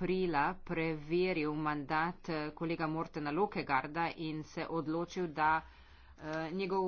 aprila preveril mandat eh, kolega Mortena Lokegarda in se odločil, da eh, njegov